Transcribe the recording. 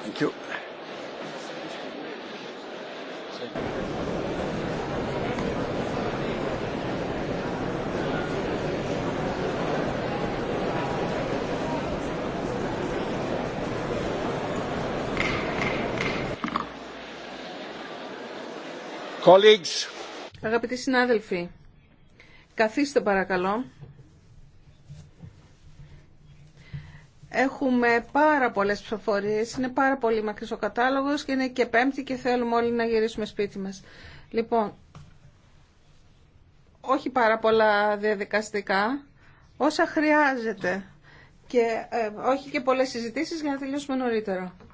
Thank Αγαπητοί συνάδελφοι, καθίστε παρακαλώ. Έχουμε πάρα πολλέ ψηφοφορίες, είναι πάρα πολύ μακρύ ο κατάλογο και είναι και πέμπτη και θέλουμε όλοι να γυρίσουμε σπίτι μας. Λοιπόν, όχι πάρα πολλά διαδικαστικά, όσα χρειάζεται και ε, όχι και πολλές συζητήσεις για να τελειώσουμε νωρίτερα.